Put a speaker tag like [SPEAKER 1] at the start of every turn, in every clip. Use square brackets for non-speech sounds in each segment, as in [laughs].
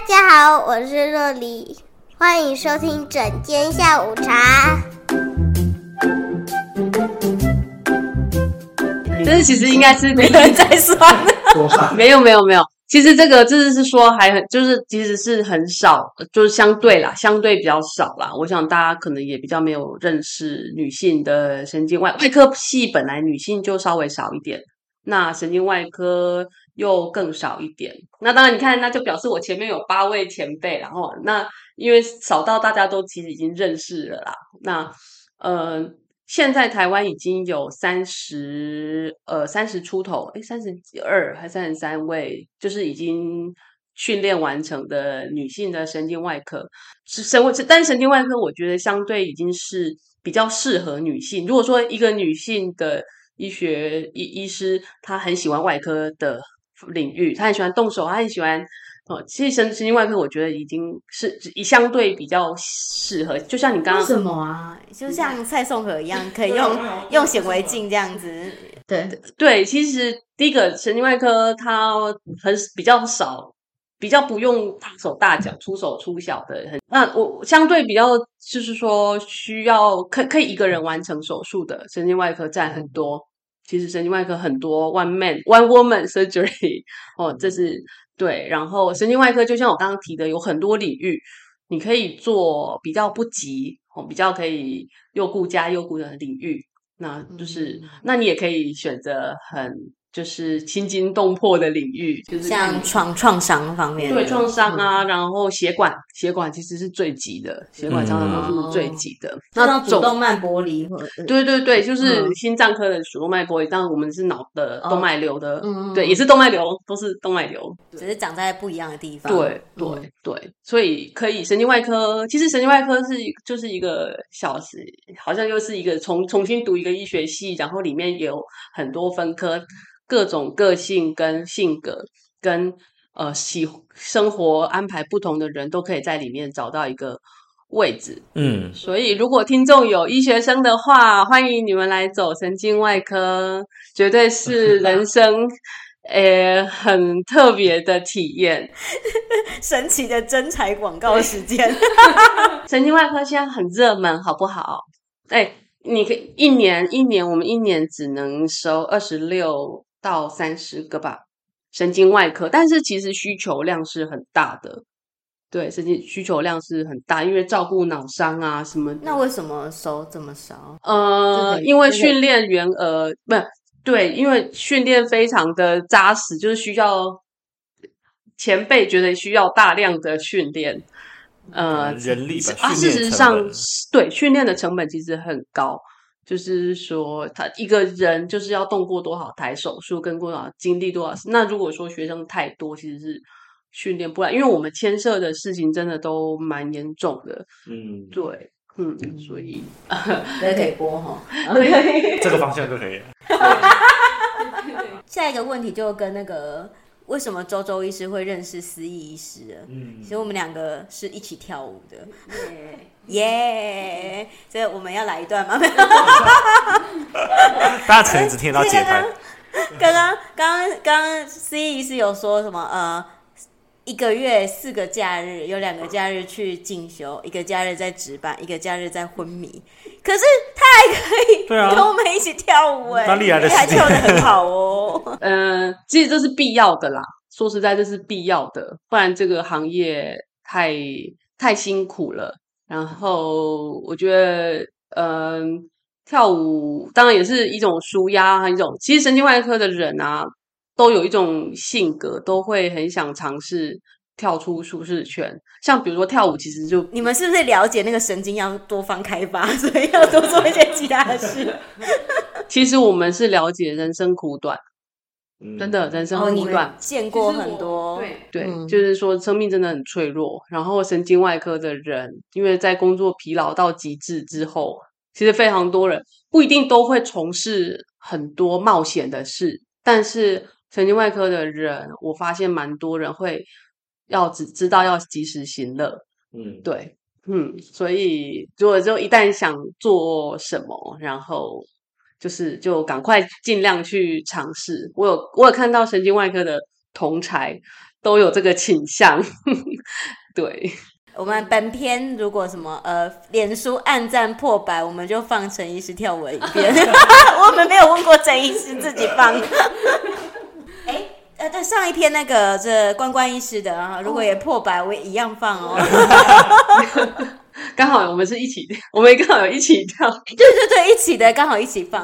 [SPEAKER 1] 大家好，我是若黎，歡迎收聽診間下午
[SPEAKER 2] 茶。這是其實應該是沒人在算的，說話沒有沒有沒有，其實這個就是說還很就是其實是很少，就是相對啦，相對比較少啦。我想大家可能也比較沒有認識女性的神經外科外科系，本來女性就稍微少一點，那神經外科，又更少一點，那當然你看，那就表示我前面有八位前輩，然後那因為少到大家都其實已經認識了啦。那呃，現在台灣已經有三十呃三十出頭，誒，三十二還是三十三位，就是已經訓練完成的女性的神經外科，是神外但神經外科，我覺得相對已經是比較適合女性。如果說一個女性的醫學醫醫，醫師，她很喜歡外科的，領域，他很喜歡動手，他很喜歡哦。其實神神經外科我覺得已經是相對比較適合，就像你剛剛什麼啊，
[SPEAKER 1] 就像蔡頌和一樣，嗯、可以用、 [laughs] 啊、用顯微鏡這樣子。
[SPEAKER 2] 對對，其實第一個神經外科他很比較少，比較不用大手大腳、出手出小的，很那我相對比較就是說需要可以可以一個人完成手術的神經外科佔很多。嗯其實神經外科很多 one man one woman surgery 哦，這是對。然後神經外科就像我剛剛提的，有很多領域，你可以做比較不急，哦，比較可以又顧家又顧的領域，那就是，嗯，那你也可以選擇很，就是驚心動魄的領域，就是像
[SPEAKER 1] 創創傷方面，對創
[SPEAKER 2] 傷啊，嗯、然後血管血管其實是最急的，血管相關的都是最急的。那、嗯嗯、主動脈
[SPEAKER 1] 剝離，嗯、
[SPEAKER 2] 對對對，就是心臟科的主動脈剝離，但我們是腦的、哦、動脈瘤的，對，嗯嗯也是動脈瘤，都是動脈瘤，
[SPEAKER 1] 只是長在不一樣的地方。對
[SPEAKER 2] 對對，所以可以神經外科，其實神經外科是就是一個小時，好像又是一個重重新讀一個醫學系，然後裡面有很多分科。各種個性跟性格跟呃喜，生活安排不同的人都可以在裡面找到一個位置，嗯，所以如果聽眾有醫學生的話，歡迎你們來走神經外科，絕對是人生誒、 [laughs] 欸、很特別的體驗， [laughs]
[SPEAKER 1] 神奇的徵才廣告時間，
[SPEAKER 2] 對 [laughs] [laughs] 神經外科現在很熱門，好不好？哎、欸，你可以一年一年，我們一年只能收二十六，到三十個吧，神經外科，但是其實需求量是很大的，對，神經需求量是很大，因為照顧腦傷啊什麼。那為什麼收這麼少？呃，因為訓練員額、嗯、呃，不，對，因為訓練非常的紮實，就是需要前輩覺得需要大量的訓練，呃，人力啊，事實上，對，訓練的成本其實很高。就是說，他一個人就是要動過多少台手術，跟過多少經歷多少，那如果說學生太多，其實是訓練不來，因為我們牽涉的事情真的都蠻嚴重的。嗯，對，嗯，所以大家、嗯、
[SPEAKER 1] [laughs] 可以播哈，齁 Okay. 這個方向就可以。 [laughs] [laughs] [laughs] 下一個問題就跟那個。為什麼周周醫師會認識斯逸醫師？嗯，其實我們兩個是一起跳舞的。耶，所以我們要來一段嗎？大家可能只聽到剪接 Yeah。剛剛、 [laughs] 剛剛、剛剛，斯逸醫師有說什麼？呃。一個月四個假日，有兩個假日去進修，一個假日在值班，一個假日在昏迷。
[SPEAKER 2] 可是他還可以對、啊、跟我們一起跳舞、欸，哎，他還跳得很好哦、喔。嗯、 [laughs] 呃，其實這是必要的啦。說實在，這是必要的，不然這個行業太太辛苦了。然後我覺得，嗯、呃，跳舞當然也是一種舒壓，還一種其實神經外科的人啊。都有一種性格，都會很想嘗試跳出舒適圈。像比如說跳舞，其實就你們是不是了解那個神經要多方開發，所
[SPEAKER 1] 以要多做一些其他的事？
[SPEAKER 2] [laughs] [laughs] 其實我們是了解人生苦短，嗯、真的人生苦短，哦、你見
[SPEAKER 1] 過很多。
[SPEAKER 2] 對、嗯、對，就是說生命真的很脆弱。然後神經外科的人，因為在工作疲勞到極致之後，其實非常多人不一定都會從事很多冒險的事，但是。神經外科的人，我發現蠻多人會要只知道要及時行樂，嗯，對，嗯，所以如果就一旦想做什麼，然後就是就趕快儘量去嘗試。我有我有看到神經外科的同儕都有這個傾向， [laughs]
[SPEAKER 1] 對。我們本篇如果什麼呃，臉書按讚破百，我們就放陳醫師跳舞一遍。 [laughs] 我們沒有問過陳醫師自己放。 [laughs] 呃，上一篇那個這官官醫師的啊，如果也破百，我也一樣放哦。
[SPEAKER 2] 剛好我們是一起，我們剛好有一起
[SPEAKER 1] 跳。對對對，一起的，剛好一起放。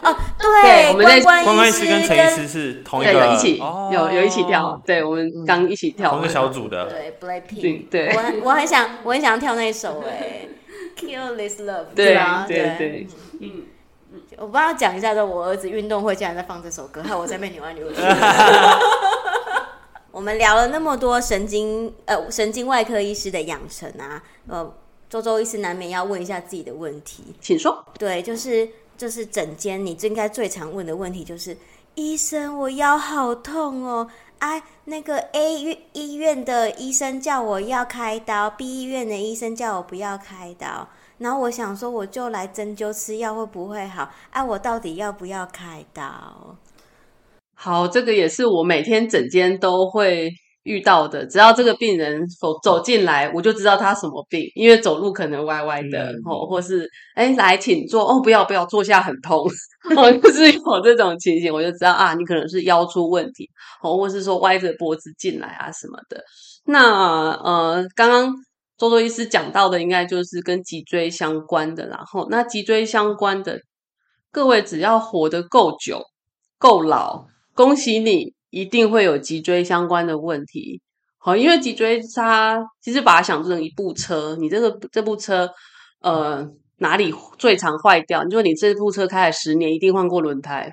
[SPEAKER 1] 哦，對，官官醫師跟陳醫師是
[SPEAKER 2] 同一個，一起有有一起跳。對，我們剛一起跳，同一個小組的。對，BLACKPINK。我我很想，
[SPEAKER 1] 我很想跳那首誒，Kill This Love。對啊，對對，嗯。我幫他講一下這，我兒子運動會竟然在放這首歌，害我在被牛耳扭曲。我們聊了那麼多神經呃神經外科醫師的養成啊，呃，周周醫師難免要問一下自己的問題。請說。對，就是就是診間，你應該最常問的問題就是，醫生，我腰好痛哦，哎、啊，那個 A 醫院的醫生叫我要開刀，B 醫院的醫生叫我不要開刀。然後我想說，我就來針灸吃藥會不會好？哎、啊，我到底要不要開刀？
[SPEAKER 2] 好，這個也是我每天診間都會遇到的。只要這個病人走走進來，我就知道他什麼病，因為走路可能歪歪的，嗯、哦，或是哎，來，請坐哦，不要不要坐下，很痛， [laughs] 就是有這種情形，我就知道啊，你可能是腰出問題，哦，或是說歪着脖子進來啊什麼的。那呃，剛剛。官官醫師講到的，應該就是跟脊椎相關的。然後，那脊椎相關的，各位只要活得夠久、夠老，恭喜你，一定會有脊椎相關的問題。好，因為脊椎它其實把它想成一部車，你這個這部車，呃，哪裡最常壞掉？如果你這部車開了十年，一定換過輪胎，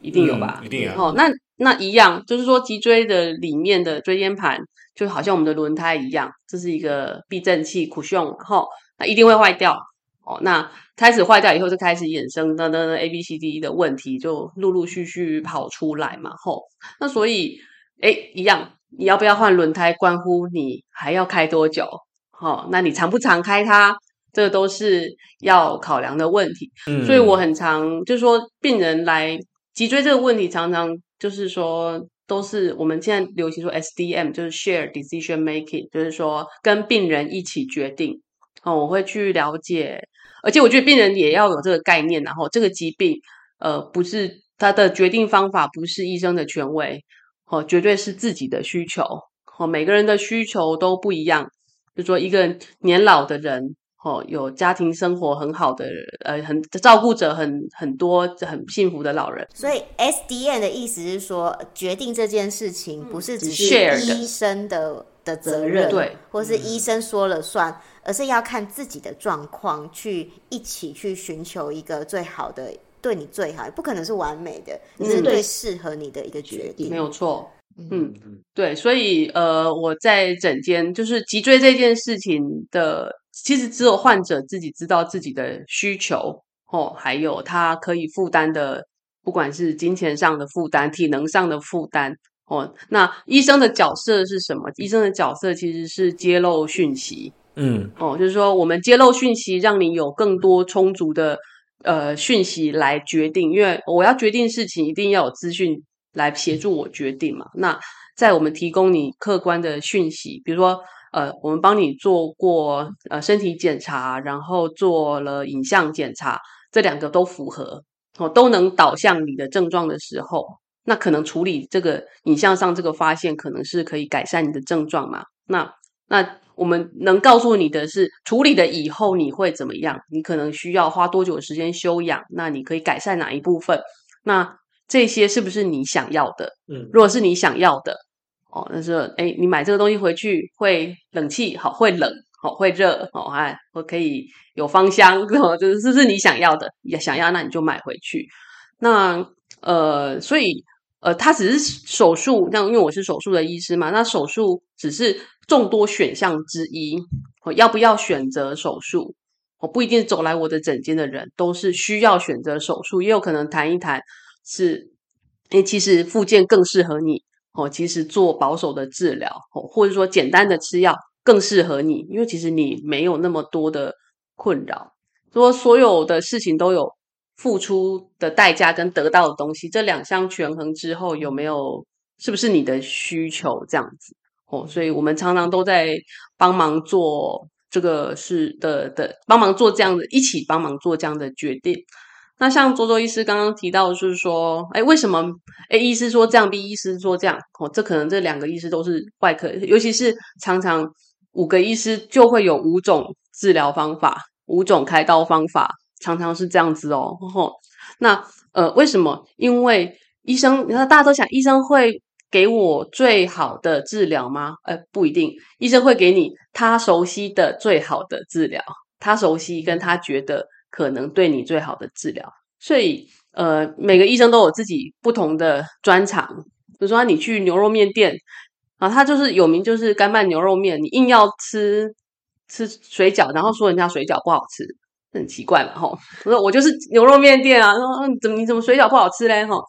[SPEAKER 2] 一定有吧？嗯、一定有、哦。那那一樣，就是說脊椎的裡面的椎間盤。就好像我們的輪胎一樣，這是一個避震器，Cushion 吼，那一定會壞掉哦。那開始壞掉以後，就開始衍生等等 A B C D 的問題，就陸陸續續跑出來嘛吼。那所以，誒、欸、一樣，你要不要換輪胎，關乎你還要開多久，吼，那你常不常開它，這都是要考量的問題。嗯、所以我很常，就是說，病人來脊椎這個問題，常常就是說。都是我們現在流行說 SDM，就是 Share Decision Making，就是說跟病人一起決定。哦，我會去了解，而且我覺得病人也要有這個概念、啊，然後這個疾病，呃，不是他的決定方法，不是醫生的權威，哦，絕對是自己的需求，哦，每個人的需求都不一樣，就是、說一個年老的人。哦，有家庭生活很好的，呃，很照顧著很很多很幸福的老人。
[SPEAKER 1] 所以 SDM 的意思是說，決定這件事情不是只是醫生的、嗯、醫生的、的責任，對、嗯，或是醫生說了算，嗯、而是要看自己的狀況，去一起去尋求一個最好的，對你最好，不可能是完美的，是最適合你的一個決定。嗯、沒有錯，
[SPEAKER 2] 嗯，嗯對。所以呃，我在診間就是脊椎這件事情的。其實只有患者自己知道自己的需求哦，還有他可以負擔的，不管是金錢上的負擔、體能上的負擔哦。那醫生的角色是什麼？醫生的角色其實是揭露訊息，嗯，哦，就是說我們揭露訊息，讓你有更多充足的呃訊息來決定，因為我要決定事情，一定要有資訊來協助我決定嘛。那在我們提供你客觀的訊息，比如說。呃，我們幫你做過呃身體檢查，然後做了影像檢查，這兩個都符合，哦，都能導向你的症狀的時候，那可能處理這個影像上這個發現，可能是可以改善你的症狀嘛？那那我們能告訴你的是，處理了以後你會怎麼樣？你可能需要花多久的時間休養？那你可以改善哪一部分？那這些是不是你想要的？嗯，如果是你想要的。嗯哦，那是，誒哎，你買這個東西回去會冷氣好，會冷好，會熱哦，還我可以有芳香，哦，就是是不是你想要的？也想要那你就買回去。那呃，所以呃，他只是手術，那因為我是手術的醫師嘛，那手術只是眾多選項之一。我要不要選擇手術？我不一定走來我的診間的人都是需要選擇手術，也有可能談一談是，因為其實復健更適合你。哦，其實做保守的治療，或者說簡單的吃藥更適合你，因為其實你沒有那麼多的困擾。說所有的事情都有付出的代價跟得到的東西，這兩相權衡之後有沒有？是不是你的需求這樣子？哦，所以我們常常都在幫忙做這個事，的的，幫忙做這樣子，一起幫忙做這樣的決定。那像周周醫師剛剛提到，就是說，誒為什麼？哎，醫師說這樣，B 醫師說這樣，哦，這可能這兩個醫師都是外科，尤其是常常五個醫師就會有五種治療方法，五種開刀方法，常常是這樣子哦。哦那呃，為什麼？因為醫生，那大家都想醫生會給我最好的治療嗎？哎、呃，不一定，醫生會給你他熟悉的最好的治療，他熟悉跟他覺得。可能對你最好的治療，所以呃，每個醫生都有自己不同的專長。比如說，你去牛肉麵店啊，他就是有名，就是乾拌牛肉麵。你硬要吃吃水餃，然後說人家水餃不好吃，很奇怪嘛，吼。不是，我就是牛肉麵店啊，說、啊、你怎麼你怎麼水餃不好吃嘞？吼。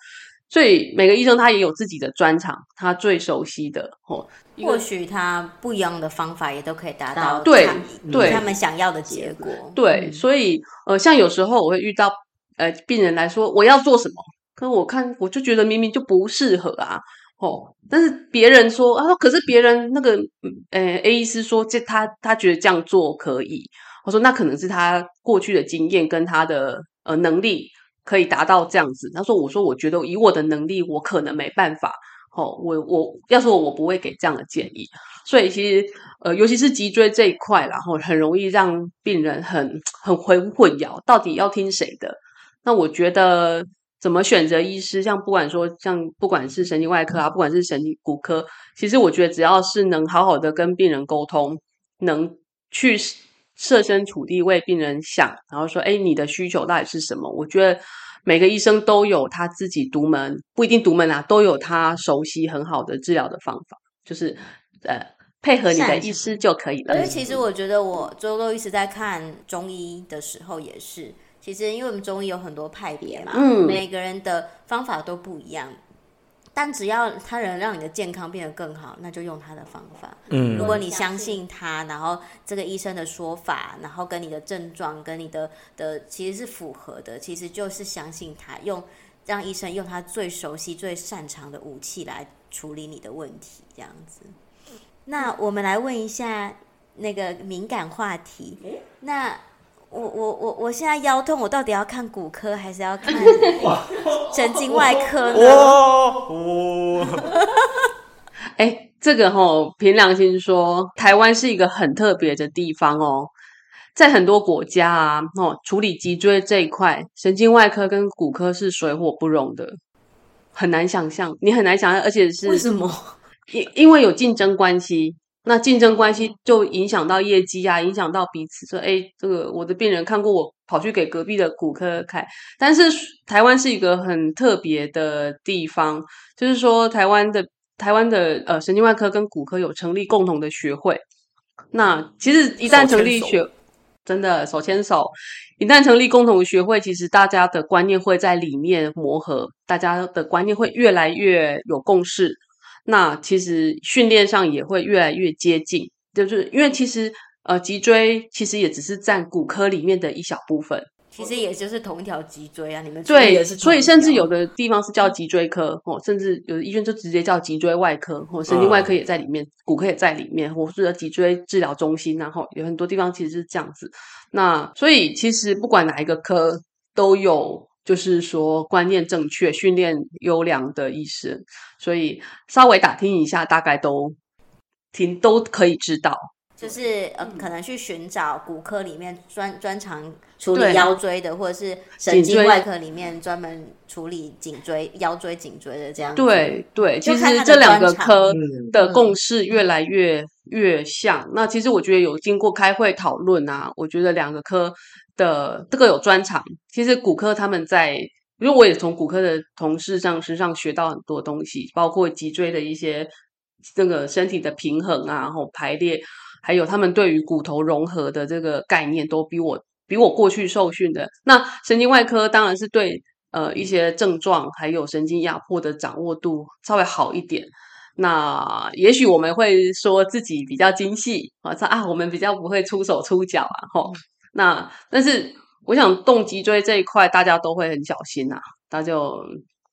[SPEAKER 2] 所以每個醫生他也有自己的專長，他最熟悉的哦，
[SPEAKER 1] 或許他不一樣的方法也都可以達到對對他們想要的結果。對，
[SPEAKER 2] 對，對，所以呃，像有時候我會遇到呃病人來說，我要做什麼？可是我看我就覺得明明就不適合啊，哦，但是別人說啊，可是別人那個呃 A 醫師說，這他他覺得這樣做可以。我說那可能是他過去的經驗跟他的呃能力。可以達到這樣子，他說：“我說，我覺得以我的能力，我可能沒辦法。吼，我我要說，我不會給這樣的建議。所以其實，呃，尤其是脊椎這一塊，然後很容易讓病人很很很混混淆，到底要聽誰的。那我覺得怎麼選擇醫師，像不管說像不管是神經外科啊，不管是神經骨科，其實我覺得只要是能好好的跟病人溝通，能去。”設身處地為病人想，然後說：“哎、欸，你的需求到底是什麼？”我覺得每個醫生都有他自己獨門，不一定獨門啊，都有他熟悉很好的治療的方法，就是呃，配合你的醫師就可以了。因為其
[SPEAKER 1] 實我覺得，我周六一直在看中醫的時候，也是其實因為我們中醫有很多派別嘛，嗯，每個人的方法都不一樣。但只要他能讓你的健康變得更好，那就用他的方法。嗯，嗯，如果你相信他，然後這個醫生的說法，然後跟你的症狀跟你的的其實是符合的，其實就是相信他，用讓醫生用他最熟悉、最擅長的武器來處理你的問題，這樣子。那我們來問一下那個敏感話題。那我我我我現在腰痛，我到底要看骨科還是要看神經外科呢？哇！
[SPEAKER 2] 哎、 [laughs] 欸，這個吼、哦，憑良心說，台灣是一個很特別的地方哦。在很多國家啊，哦，處理脊椎這一塊，神經外科跟骨科是水火不容的，很難想象，你很難想象，而且是為什麼？因因為有競爭關係。那競爭關係就影響到業績呀、啊，影響到彼此。說，哎、欸，這個我的病人看過我，跑去給隔壁的骨科看。但是台灣是一個很特別的地方，就是說台灣的台灣的呃神經外科跟骨科有成立共同的學會。那其實一旦成立學，手牽手真的手牽手；一旦成立共同學會，其實大家的觀念會在裡面磨合，大家的觀念會越來越有共識。那其實訓練上也會越來越接近。就是因為其實呃，脊椎其實也只是占骨科裡面的一小部分，其
[SPEAKER 1] 實也就是同一條脊椎啊。你們對，也是。所以
[SPEAKER 2] 甚至有的地方是叫脊椎科哦，甚至有的醫院就直接叫脊椎外科，或、哦、神經外科也在裡面，嗯、骨科也在裡面，或者是脊椎治療中心、啊。哦、然後有很多地方其實是這樣子。那所以其實不管哪一個科都有。就是說觀念正確、訓練優良的醫生，所以稍微打聽一下，大概都聽都可以知道。
[SPEAKER 1] 就是呃，嗯、可能去尋找骨科裡面專專長處理腰椎的，對或者是神經外科裡面專門處理頸椎、腰椎、頸椎的這樣子對。
[SPEAKER 2] 對對，其實這兩個科的共識越來越、嗯嗯、越像。那其實我覺得有經過開會討論啊，我覺得兩個科。的這個有專長，其實骨科他們在，因為我也從骨科的同事上身上學到很多東西，包括脊椎的一些那、這個身體的平衡啊，然後排列，還有他們對於骨頭融合的這個概念，都比我比我過去受訓的。那神經外科當然是對呃一些症狀還有神經壓迫的掌握度稍微好一點。那也許我們會說自己比較精細，啊這啊，我們比較不會出手出腳啊，吼、哦。那但是，我想動脊椎這一塊，大家都會很小心吶、啊。他就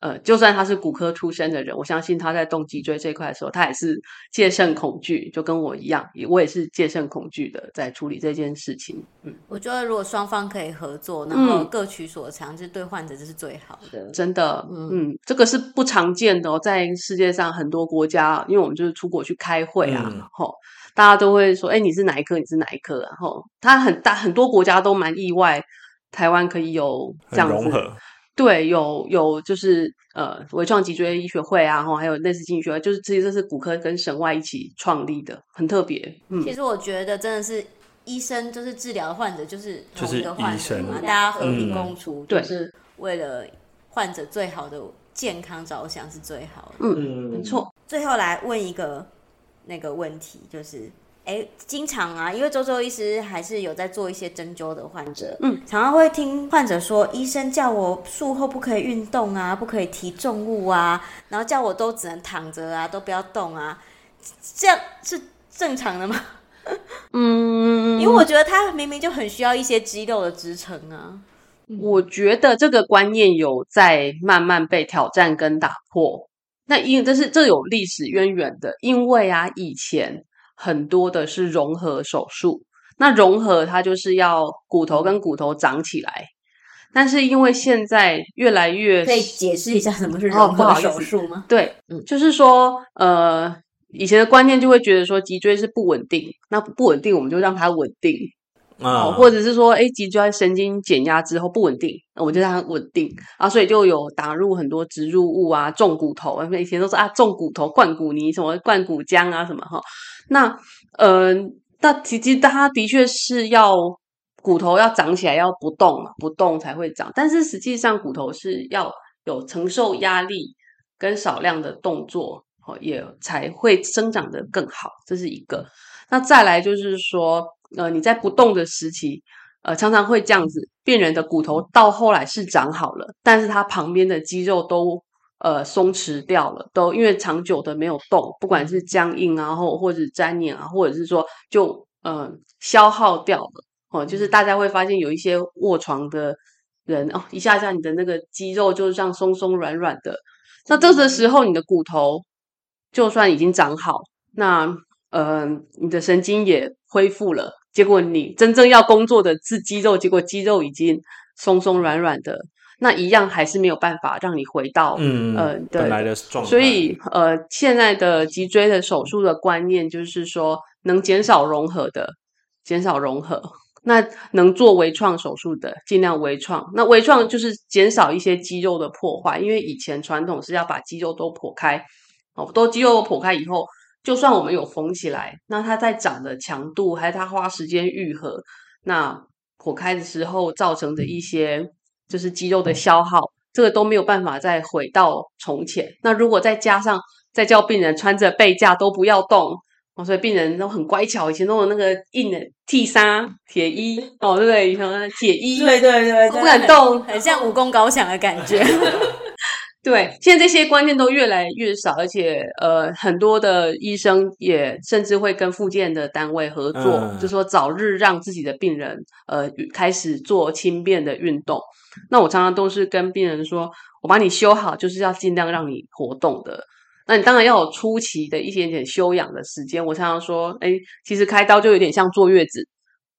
[SPEAKER 2] 呃，就算他是骨科出身的人，我相信他在動脊椎這一塊的時候，他也是戒慎恐懼，就跟我一樣，我也是戒慎恐懼的，在處理這件事情。嗯，
[SPEAKER 1] 我覺得如果雙方可以合作，然後各取所長，嗯、就對患者這是最好的。
[SPEAKER 2] 真的，嗯，嗯，這個是不常見的哦，在世界上很多國家，因為我們就是出國去開會啊，哈、嗯。然後大家都會說，哎、欸，你是哪一科？你是哪一科啊？然後他很大很多國家都蠻意外，臺灣可以有這樣子。融合，對，有有就是呃，微創脊椎醫學會啊，然後還有類似經濟學會，就是其實這是骨科跟神外一起創立的，很特別。嗯，其
[SPEAKER 1] 實我覺得真的是醫生就是治療患者，就是同一個患者嘛，就是大家和平共處，嗯、就是為了患者最好的健康着想是最好的。嗯嗯，沒錯、嗯。嗯、最後來問一個。那個問題就是，誒，經常啊，因為周周醫師還是有在做一些針灸的患者，嗯，常常會聽患者說，醫生叫我術後不可以運動啊，不可以提重物啊，然後叫我都只能躺着啊，都不要動啊，這樣是正常的嗎？嗯，
[SPEAKER 2] 因為我覺
[SPEAKER 1] 得他明明就很需要一些肌肉的支撐啊。嗯，
[SPEAKER 2] 我覺得這個觀念有在慢慢被挑戰跟打破。那因為這是這有歷史淵源的，因為啊，以前很多的是融合手術，那融合它就是要骨頭跟骨頭長起來，但是因為現在越來越，可以解釋一
[SPEAKER 1] 下什麼是融合手術嗎？
[SPEAKER 2] 哦、對，嗯，就是說，呃，以前的觀念就會覺得說脊椎是不穩定，那不穩定我們就讓它穩定。啊、哦，或者是說誒，脊椎、神經減壓之後不穩定，那我就讓它穩定啊，所以就有打入很多植入物,物啊，種骨頭我們以前都是啊，種骨頭、灌骨泥、什麼灌骨漿啊，什麼哈、哦。那，嗯、呃，那其實它的確是要骨頭要長起來，要不動嘛，不動才會長。但是實際上，骨頭是要有承受壓力跟少量的動作，哦，也才會生長得更好。這是一個。那再來就是說。呃，你在不動的時期，呃，常常會這樣子。病人的骨頭到後來是長好了，但是他旁邊的肌肉都呃鬆弛掉了，都因為長久的沒有動，不管是僵硬啊，或或者是粘黏啊，或者是說就呃消耗掉了哦、呃。就是大家會發現有一些臥床的人哦，一下下你的那個肌肉就是這樣鬆鬆軟軟的。那這個時候你的骨頭就算已經長好，那呃你的神經也。恢復了，結果你真正要工作的是肌肉，結果肌肉已經鬆松軟軟的，那一樣還是沒有辦法讓你回到嗯嗯、呃、對，本來的狀態。所以呃，現在的脊椎的手術的觀念就是說，能減少融合的，減少融合。那能做微創手術的，盡量微創。那微創就是減少一些肌肉的破壞，因為以前傳統是要把肌肉都剖開，哦，都肌肉剖開以後。就算我們有縫起來，那它在長的強度，還是它花時間愈合，那剖開的時候造成的一些就是肌肉的消耗，嗯、這個都沒有辦法再回到從前。那如果再加上再叫病人穿着背架都不要動，哦、所以病人都很乖巧。以前都有那個硬的替沙鐵衣，哦對，鐵衣，對，對對對，不敢動，對對對，很，很像武功高強的感覺。 [laughs] 對，現在這些觀念都越來越少，而且呃，很多的醫生也甚至會跟復健的單位合作，嗯、就是說早日讓自己的病人呃開始做輕便的運動。那我常常都是跟病人說，我把你修好，就是要盡量讓你活動的。那你當然要有初期的一點點休養的時間。我常常說，哎，其實開刀就有點像坐月子。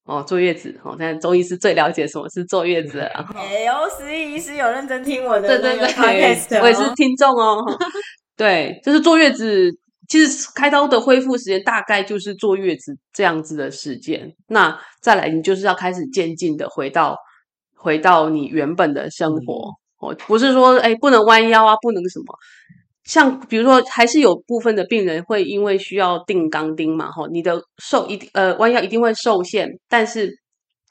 [SPEAKER 2] 哦，坐月子哦，但中醫師最了解什麼是坐月子
[SPEAKER 1] 了。哎，斯逸醫師有認真聽我的 podcast, 對對對、哦、我也是
[SPEAKER 2] 聽眾哦。 [laughs] 對，就是坐月子，其實開刀的恢復時間大概就是坐月子這樣子的時間。那再來，你就是要開始漸進的回到回到你原本的生活。嗯、哦，不是說哎、欸，不能彎腰啊，不能什麼。像比如說，還是有部分的病人會因為需要釘鋼釘嘛，吼，你的受一定呃彎腰一定會受限，但是，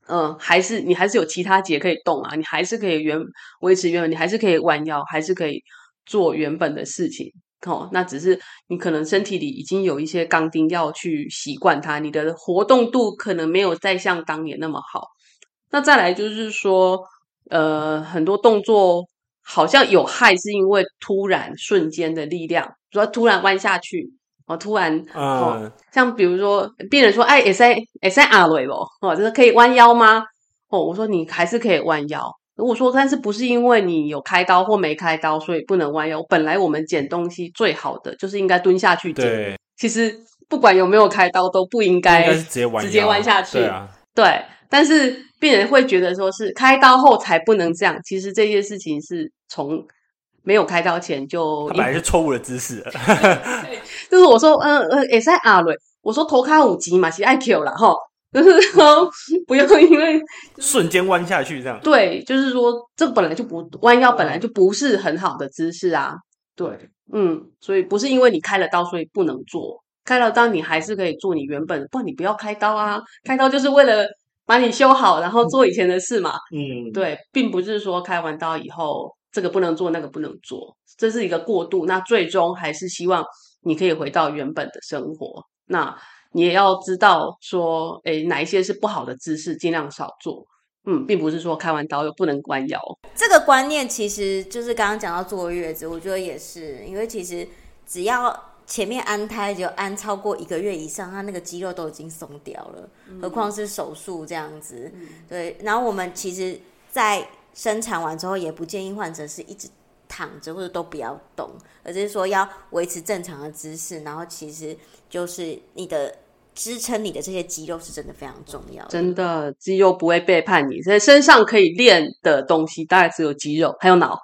[SPEAKER 2] 嗯、呃，還是你還是有其他節可以動啊，你還是可以原維持原本，你還是可以彎腰，還是可以做原本的事情，哈、哦，那只是你可能身體裡已經有一些鋼釘要去習慣它，你的活動度可能沒有再像當年那麼好。那再來就是說，呃，很多動作。好像有害，是因為突然瞬間的力量，比如說突然彎下去，哦，突然，啊、呃，哦，像比如說，病人說，哎，哎哎，哎，阿瑞羅，哦，就是可以彎腰嗎？哦，我說你還是可以彎腰。如果說，但是不是因為你有開刀或沒開刀，所以不能彎腰？本來我們撿東西最好的就是應該蹲下去撿，對其實不管有沒有開刀都不應該直接彎下去，對，啊、對。但是病人會覺得，說是開刀後才不能這樣。其實這件事情是從沒有開刀前就他本來是錯誤的姿勢，對，就是我說，嗯嗯，I 在 r 瑞，我說頭卡五級嘛，其實 IQ 了哈，就是說不要因為瞬間彎下去這樣，對，就是說這本來就不彎腰本來就不是很好的姿勢啊，對，嗯，所以不是因為你開了刀所以不能做，開了刀你還是可以做你原本的，不然你不要開刀啊，開刀就是為了。把你修好，然後做以前的事嘛。嗯，對，並不是說開完刀以後這個不能做，那個不能做，這是一個過渡。那最終還是希望你可以回到原本的生活。那你也要知道說，哎，哪一些是不好的姿勢，盡量少做。嗯，並不是說開完刀又不能彎腰。
[SPEAKER 1] 這個觀念其實就是剛剛講到坐月子，我覺得也是，因為其實只要。前面安胎就安超過一個月以上，他那個肌肉都已經鬆掉了，嗯，何況是手術這樣子。嗯，對，然後我們其實，在生產完之後，也不建議患者是一直躺着或者都不要動，而就是說要維持正常的姿勢。然後其實就是你的支撐，你的這些肌肉是真的非常重要的。
[SPEAKER 2] 真的，肌肉不會背叛你，所以身上可以練的東西，大概只有肌肉，還有腦。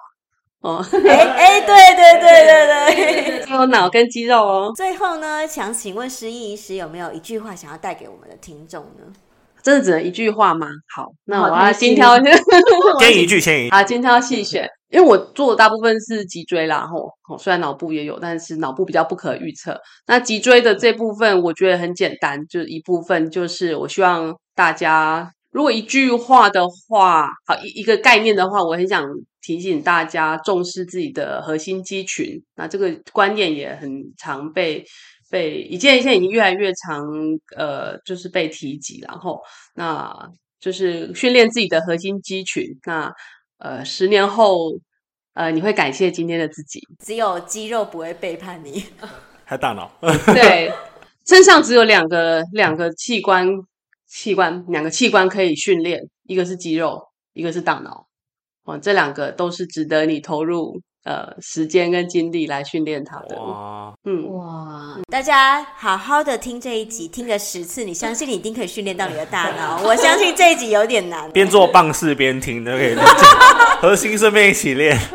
[SPEAKER 2] 哦，哎哎，對對對對對，有腦跟肌肉哦。
[SPEAKER 1] 最後呢，想請問斯逸醫師有沒有一句話想要帶給我
[SPEAKER 2] 們的聽眾呢？真的只能一句話嗎？好，那我要精挑，挑
[SPEAKER 1] 一句先。啊，
[SPEAKER 2] 精挑細選，因為我做的大部分是脊椎啦，吼，雖然腦部也有，但是腦部比較不可預測。那脊椎的這部分，我覺得很簡單，就一部分就是我希望大家。如果一句話的話，好一一個概念的話，我很想提醒大家重視自己的核心肌群。那這個觀念也很常被被，以前現在已經越來越常，呃，就是被提及。然後，那就是訓練自己的核心肌群。那呃，十年後，呃，你會感謝今天的自己。
[SPEAKER 1] 只有肌肉不會背叛你，
[SPEAKER 2] [laughs] 還大腦？ [laughs] 對，身上只有兩個兩個器官。器官兩個器官可以訓練，一個是肌肉，一個是大腦。哇，這兩個都是值得你投入呃時間跟精力來訓練它的。哇嗯，
[SPEAKER 1] 哇，大家好好的聽這一集，聽
[SPEAKER 2] 個十次，你
[SPEAKER 1] 相信你一定可以訓練到你的大腦。 [laughs] 我相信這一集有點難。邊做棒式邊聽都可以， [laughs] okay, 核心順便一起練。
[SPEAKER 2] [laughs] [laughs]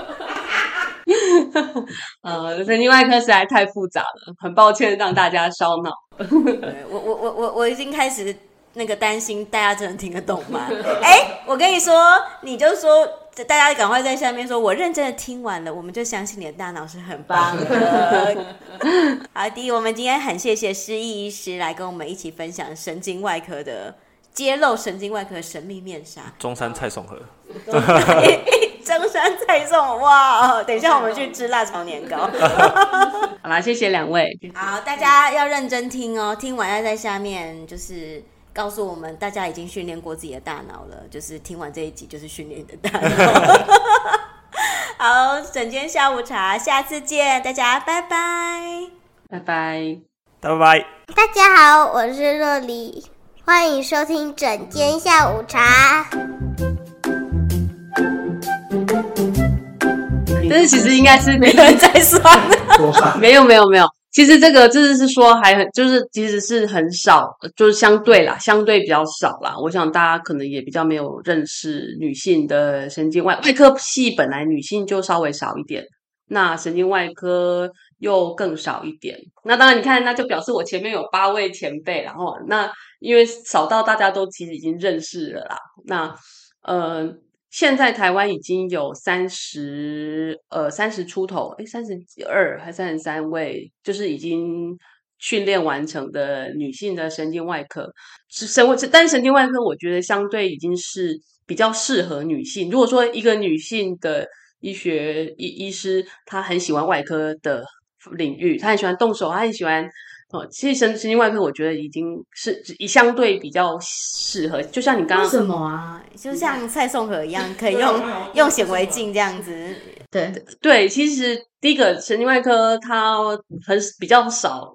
[SPEAKER 2] [laughs] 呃，神經外科實在太複雜了，很抱歉讓大家燒腦。
[SPEAKER 1] [laughs] 我我我我我已經開始。那個擔心大家真的聽得懂嗎？哎、欸，我跟你說，你就說，大家趕快在下面說，我認真的聽完了，我們就相信你的大腦是很棒的。 [laughs] 好，第一，我們今天很謝謝斯逸醫師來跟我們一起分享神經外科的揭露神經外科的神秘面紗。中山蔡頌和， [laughs] [laughs] 中山蔡頌。哇！等一下，我們去吃辣炒年糕。
[SPEAKER 2] [laughs] 好啦，謝謝兩位。
[SPEAKER 1] 好，大家要認真聽哦、喔，聽完要在下面就是。告訴我們，大家已經訓練過自己的大腦了，就是聽完這一集就是訓練的大腦。 [laughs] 好，診間下午茶，下次見，大家拜拜，
[SPEAKER 2] 拜拜，拜拜。
[SPEAKER 1] 大家好，我是若黎，
[SPEAKER 2] 歡迎收聽診間下午茶。但是其實應該是沒人在刷， [laughs] 沒有，沒有，沒有，沒有，沒有。其實這個就是是說還很就是其實是很少，就是相對啦，相對比較少啦。我想大家可能也比較沒有認識女性的神經外外科系，本來女性就稍微少一點，那神經外科又更少一點。那當然你看，那就表示我前面有八位前輩，然後、哦、那因為少到大家都其實已經認識了啦。那呃。現在台灣已經有三十呃，三十出頭，誒，三十二還是三十三位，就是已經訓練完成的女性的神經外科，是神外是，但是神經外科我覺得相對已經是比較適合女性。如果說一個女性的醫學醫醫師，她很喜歡外科的領域，她很喜歡動手，她很喜歡。哦，其實神神經外科我覺得已經是相對比較適合，就像你剛剛說什麼啊，就像蔡頌和一樣，可以用、 [laughs] 啊、用顯微鏡這樣子。對對,對，其實第一個神經外科它很比較少，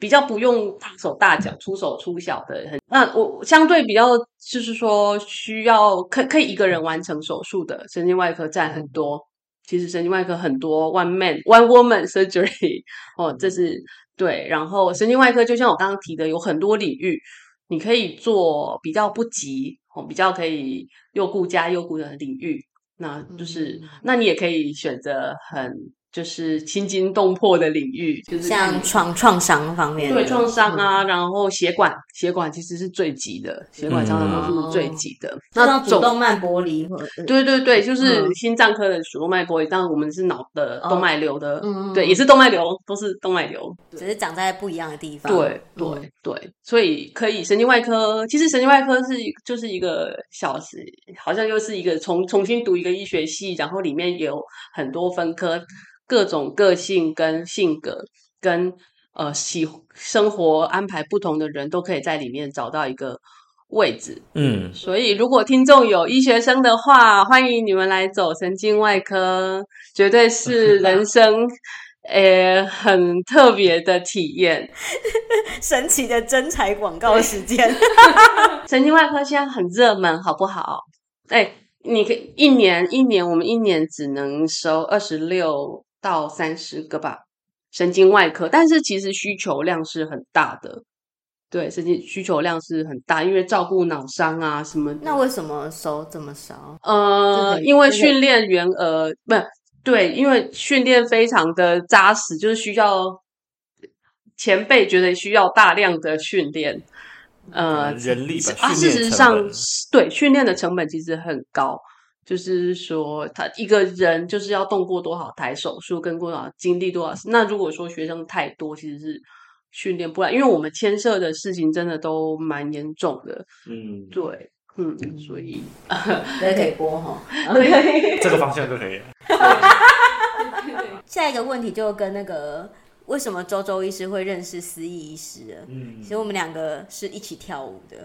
[SPEAKER 2] 比較不用大手大腳、出手出小的，很那我相對比較就是說需要可可以一個人完成手術的神經外科占很多。嗯、其實神經外科很多 one man one woman surgery 哦，這是。對，然後神經外科就像我剛剛提的，有很多領域，你可以做比較不急，比較可以又顧家又顧的領域，那就是，嗯、那你也可以選擇很。就是驚心動魄的領域，就是、那個、像創創傷方面，對創傷啊，嗯、然後血管血管其實是最急的，血管上的都是最急的。嗯、那主動
[SPEAKER 1] 脈剝離，對對
[SPEAKER 2] 對，就是心臟科的主動脈剝離，但我們是腦的、哦、動脈瘤的，對，也是動脈瘤，都是動脈瘤，
[SPEAKER 1] 只、嗯、對是長在不一樣的地方。對
[SPEAKER 2] 對對，所以可以神經外科，其實神經外科是就是一個小時，好像又是一個重重新讀一個醫學系，然後裡面有很多分科。各種個性跟性格跟呃喜生活安排不同的人都可以在裡面找到一個位置。嗯，所以如果聽眾有醫學生的話，歡迎你們來走神經外科，絕對是人生誒、 [laughs] 欸、很特別的體驗。
[SPEAKER 1] [laughs] 神奇的徵才廣告時間，
[SPEAKER 2] 對笑 [laughs] 神經外科現在很熱門，好不好？哎、欸，你可以一年一年，我們一年只能收二十六，到三十個吧，神經外科，但是其實需求量是很大的，對，神經需求量是很大，因為照顧腦傷啊什麼。那為什麼手這麼少？呃，因為訓練員呃，不，對，因為訓練非常的紮實，就是需要前輩覺得需要大量的訓練，呃，人力吧啊，本，事實上，對，訓練的成本其實很高。就是說，他一個人就是要動過多少台手術，跟過多少經歷多少，那如果說學生太多，其實是訓練不來，因為我們牽涉的事情真的都蠻嚴重的。嗯，對，嗯，所以、嗯、 [laughs]
[SPEAKER 1] 可以播哈，這個方向就可以了。 [laughs] [laughs] 下一個問題就跟那個。為什麼官官醫師會認識斯逸醫師？嗯，其實我們兩個是一起跳舞的。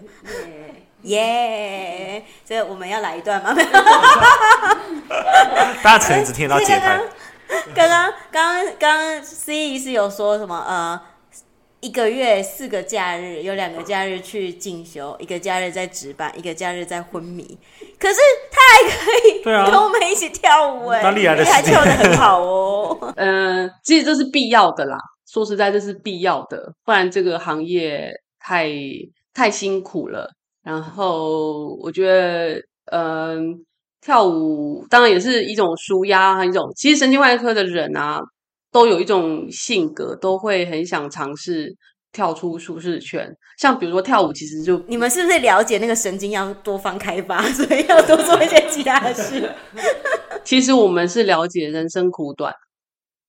[SPEAKER 1] 耶 Yeah. Yeah， [laughs] 所以我們要來一段嗎？ [laughs] [laughs] [laughs] 大家只聽到剪拍，嗯。剛剛剛剛斯逸醫師有說什麼？呃。一個月四個假日，有兩個假日去進修，一個假日在值班，一個假日在昏迷。可是他還可以跟我
[SPEAKER 2] 們一起跳舞，欸，誒、啊、他跳得很好哦，喔。嗯、 [laughs] 呃，其實這是必要的啦。說實在，這是必要的，不然這個行業太太辛苦了。然後我覺得，嗯、呃，跳舞當然也是一種舒壓，還一種其實神經外科的人啊。都有一種性格，都會很想嘗試跳出舒適圈。像比如說跳舞，其實就你們是不是了解那個神經要多方開發，所以要多做一些其他的事？ [laughs] [laughs] 其實我們是了解人生苦短，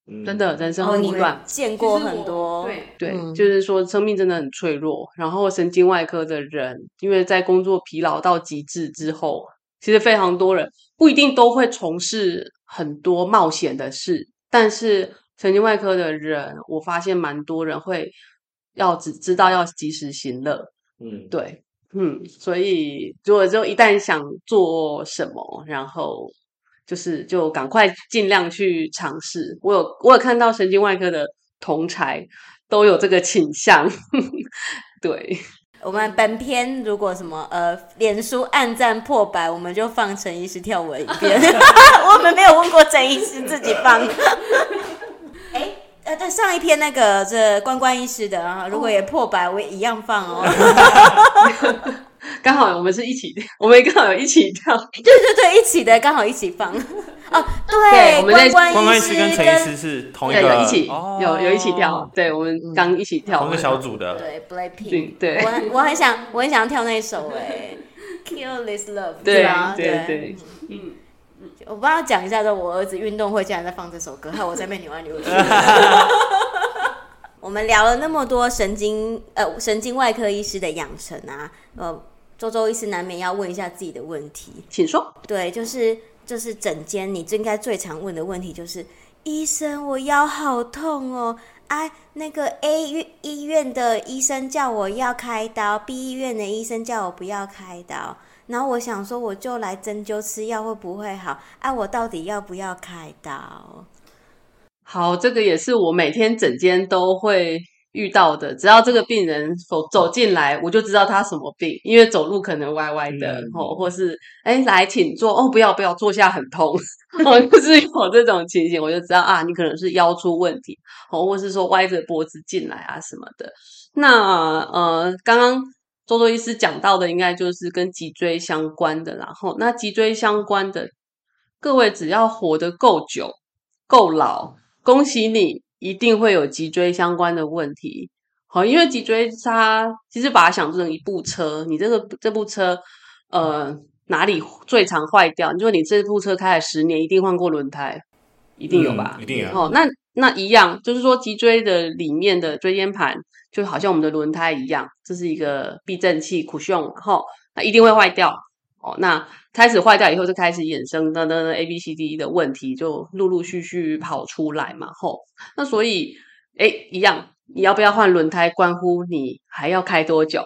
[SPEAKER 2] 嗯、真的人生苦短，哦、你們見
[SPEAKER 1] 過很多。
[SPEAKER 2] 對、嗯、對，就是說生命真的很脆弱。然後神經外科的人，因為在工作疲勞到極致之後，其實非常多人不一定都會從事很多冒險的事，但是。神經外科的人，我發現蠻多人會要只知道要及時行樂，嗯，對，嗯，所以如果就一旦想做什麼，然後就是就趕快盡量去嘗試。我有我有看到神經外科的同儕都有這個傾向，呵呵對。我們本
[SPEAKER 1] 篇如果什麼呃，臉書按讚破百，我們就放陳醫師跳舞一遍。 [laughs] 我們沒有問過陳醫師自己放的。 [laughs] 但上一篇那個這官官醫師的，如果也破百，我也一樣放哦。
[SPEAKER 2] 剛好我們是一起，我們剛好一起
[SPEAKER 1] 跳。對對對，一起的，剛好一起
[SPEAKER 2] 放。哦，對，官官醫師跟陳醫師是同一個，一起有有一起跳。對我們剛一起跳，同一個小組的。對，Blackpink，我我很想，我
[SPEAKER 1] 很想跳那首哎 Kill This Love。對啊，對，嗯。我幫他講一下說，我兒子運動會竟然在放這首歌，害我在那邊扭來扭去。我們聊了那麼多神經呃神經外科醫師的養成啊，呃，周周醫師難免要問一下自己的問題，請說。對，就是就是診間你最應該最常問的問題就是， [laughs] 醫生我腰好痛哦，哎、啊，那個 A 醫院的醫生叫我要開刀，B 醫院的醫生叫我不要開刀。然後我想說，我就來針灸、吃藥會不會好？哎、啊,我到底要不要開刀？
[SPEAKER 2] 好,這個也是我每天診間都會遇到的。只要這個病人走走進來，我就知道他什麼病,因為走路可能歪歪的,嗯、哦,或是哎,來,請坐。哦,不要,不要坐下,很痛。嗯、就是有這種情形,我就知道啊,你可能是腰出問題，或、哦、或是說歪着脖子進來啊什麼的。那呃,剛剛。多多醫師講到的應該就是跟脊椎相關的，然後那脊椎相關的，各位只要活得夠久、夠老，恭喜你，一定會有脊椎相關的問題。好，因為脊椎它其實把它想做成一部車，你這個這部車，呃，哪裡最常壞掉？你說你這部車開了十年，一定換過輪胎，一定有吧？嗯、一定有。那。那一樣，就是說脊椎的裡面的椎間盤，就好像我們的輪胎一樣，這是一個避震器，cushion，齁，那一定會壞掉哦。那開始壞掉以後，就開始衍生等等 ABCD 的問題，就陸陸續續跑出來嘛，齁。那所以，哎、欸，一樣，你要不要換輪胎，關乎你還要開多久，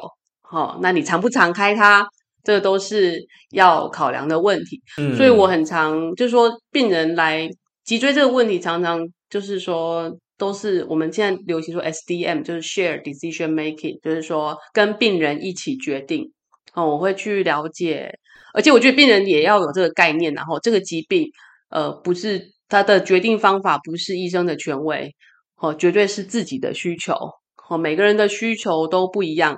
[SPEAKER 2] 齁，那你常不常開它，這個、都是要考量的問題。嗯，所以我很常就是說病人來。脊椎這個問題常常就是說，都是我們現在流行說 SDM，就是 share decision making，就是說跟病人一起決定。哦，我會去了解，而且我覺得病人也要有這個概念、啊，然後這個疾病，呃，不是他的決定方法，不是醫生的權威，哦，絕對是自己的需求，哦，每個人的需求都不一樣，